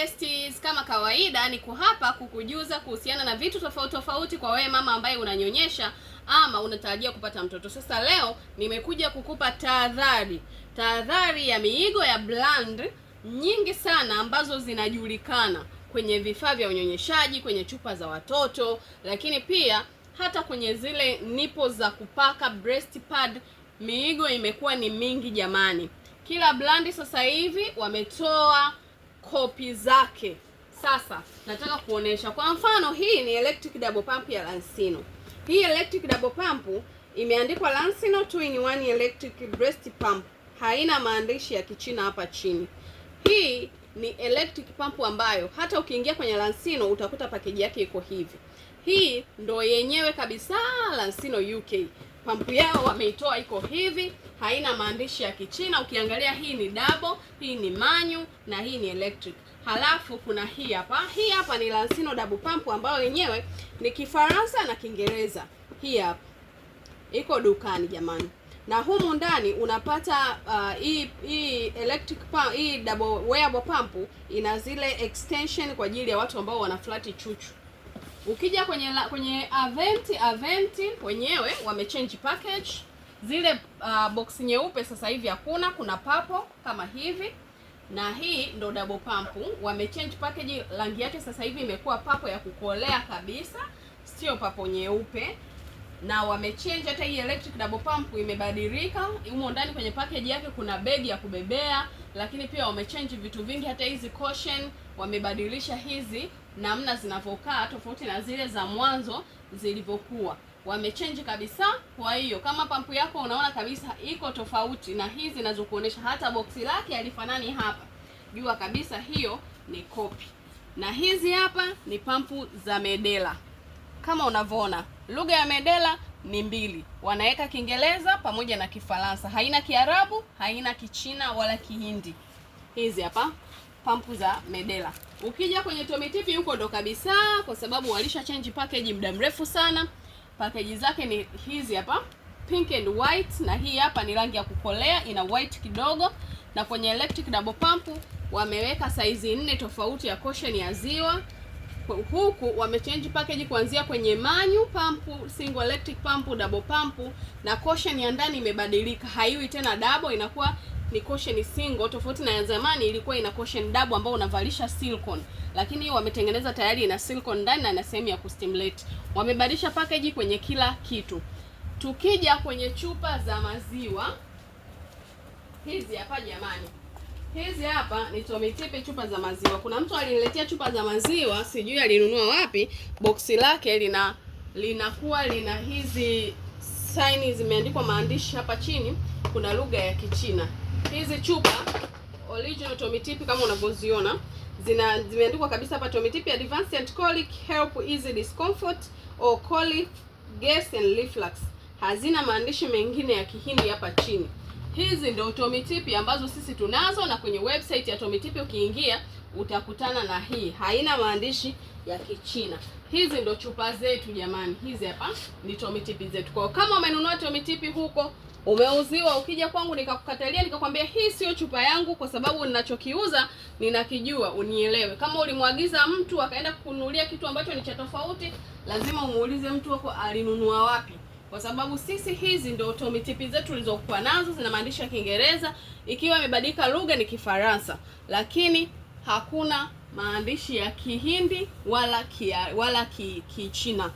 Besties, kama kawaida niko hapa kukujuza kuhusiana na vitu tofauti tofauti kwa wewe mama ambaye unanyonyesha ama unatarajia kupata mtoto. Sasa leo nimekuja kukupa tahadhari, tahadhari ya miigo ya brand nyingi sana ambazo zinajulikana kwenye vifaa vya unyonyeshaji, kwenye chupa za watoto, lakini pia hata kwenye zile nipo za kupaka breast pad. Miigo imekuwa ni mingi jamani, kila brand sasa hivi wametoa kopi zake. Sasa nataka kuonesha kwa mfano, hii ni electric double pump ya Lansino. Hii electric double pump imeandikwa Lansino 2 in 1 electric breast pump, haina maandishi ya Kichina hapa chini. Hii ni electric pump ambayo hata ukiingia kwenye Lansino utakuta pakeji yake iko hivi. Hii ndo yenyewe kabisa Lansino UK pampu yao wameitoa iko hivi haina maandishi ya Kichina. Ukiangalia hii ni double, hii ni manyu na hii ni electric. Halafu kuna hii hapa, hii hapa ni Lansino double pump ambayo yenyewe ni Kifaransa na Kiingereza. Hii hapa iko dukani jamani, na humu ndani unapata uh, hii electric pump, hii double wearable pump ina zile extension kwa ajili ya watu ambao flat chuchu. Ukija kwenye la, kwenye Aventi Aventi wenyewe wamechange package Zile uh, box nyeupe sasa hivi hakuna, kuna papo kama hivi, na hii ndo double pump. change package, rangi yake sasa hivi imekuwa papo ya kukolea kabisa, sio papo nyeupe na wamechange hata hii electric double pump imebadilika. Humo ndani kwenye package yake kuna begi ya kubebea, lakini pia wamechange vitu vingi. Hata hizi cushion wamebadilisha hizi namna zinavyokaa, tofauti na zile za mwanzo zilivyokuwa wamechange kabisa. Kwa hiyo kama pampu yako unaona kabisa iko tofauti na hizi zinazokuonesha, hata boksi lake alifanani hapa, jua kabisa hiyo ni kopi, na hizi hapa ni pampu za Medela kama unavyoona. Lugha ya Medela ni mbili, wanaweka Kiingereza pamoja na Kifaransa, haina Kiarabu, haina Kichina wala Kihindi. Hizi hapa pampu za Medela. Ukija kwenye Tommy TP huko ndo kabisa, kwa sababu walisha change package muda mrefu sana. Package zake ni hizi hapa pink and white, na hii hapa ni rangi ya kukolea, ina white kidogo. Na kwenye electric double pump wameweka saizi nne tofauti ya cushion ya ziwa, huku wamechange package kuanzia kwenye manyu pump, single electric pump, double pump, na cushion ya ndani imebadilika, haiwi tena double, inakuwa ni cushion single, tofauti na ya zamani ilikuwa ina cushion double ambao unavalisha silicone, lakini hiyo wametengeneza tayari ina silicone ndani na ina sehemu ya kustimulate. Wamebadilisha package kwenye kila kitu. Tukija kwenye chupa za maziwa hizi hapa jamani, hizi hapa ni Tomitipi chupa za maziwa. Kuna mtu aliniletea chupa za maziwa, sijui alinunua wapi. Boksi lake lina linakuwa lina hizi saini zimeandikwa maandishi hapa chini, kuna lugha ya Kichina. Hizi chupa original Tomitipi kama unavyoziona zina zimeandikwa kabisa hapa Tomitipi Advanced Colic Help Easy Discomfort or Colic Gas and Reflux. Hazina maandishi mengine ya Kihindi hapa chini. Hizi ndio Tomitipi ambazo sisi tunazo, na kwenye website ya Tomitipi ukiingia utakutana na hii, haina maandishi ya Kichina. Hizi ndo chupa zetu jamani, hizi hapa ni tomitipi zetu. Kwa kama umenunua tomitipi huko umeuziwa, ukija kwangu nikakukatalia nikakwambia hii sio chupa yangu, kwa sababu ninachokiuza ninakijua, unielewe. Kama ulimwagiza mtu akaenda kukununulia kitu ambacho ni cha tofauti, lazima umuulize mtu wako alinunua wapi kwa sababu sisi hizi ndio tomitipi zetu tulizokuwa nazo, zina maandishi ya Kiingereza, ikiwa imebadilika lugha ni Kifaransa, lakini hakuna maandishi ya Kihindi wala kia, wala ki, Kichina.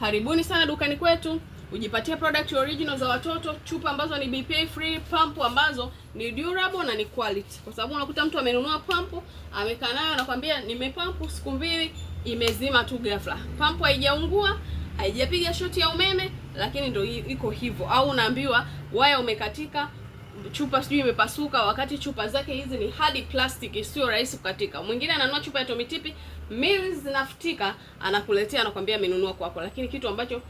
Karibuni sana dukani kwetu ujipatie product original za watoto, chupa ambazo ni BPA free, pump ambazo ni durable na ni quality, kwa sababu unakuta mtu amenunua pump amekaa nayo anakwambia nimepampu siku mbili imezima tu ghafla. Pump haijaungua haijapiga shoti ya umeme, lakini ndio iko hivyo, au unaambiwa waya umekatika chupa sijui imepasuka, wakati chupa zake hizi ni hadi plastic, sio rahisi kukatika. Mwingine ananua chupa ya tomitipi mili zinafutika, anakuletea anakwambia amenunua kwako, lakini kitu ambacho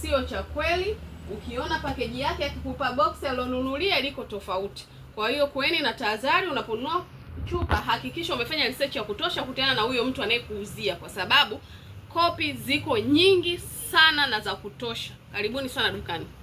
sio cha kweli. Ukiona pakeji yake akikupa box alionunulia liko tofauti. Kwa hiyo kueni na tahadhari unaponunua chupa, hakikisha umefanya research ya kutosha kutana na huyo mtu anayekuuzia, kwa sababu kopi ziko nyingi sana na za kutosha. Karibuni sana dukani.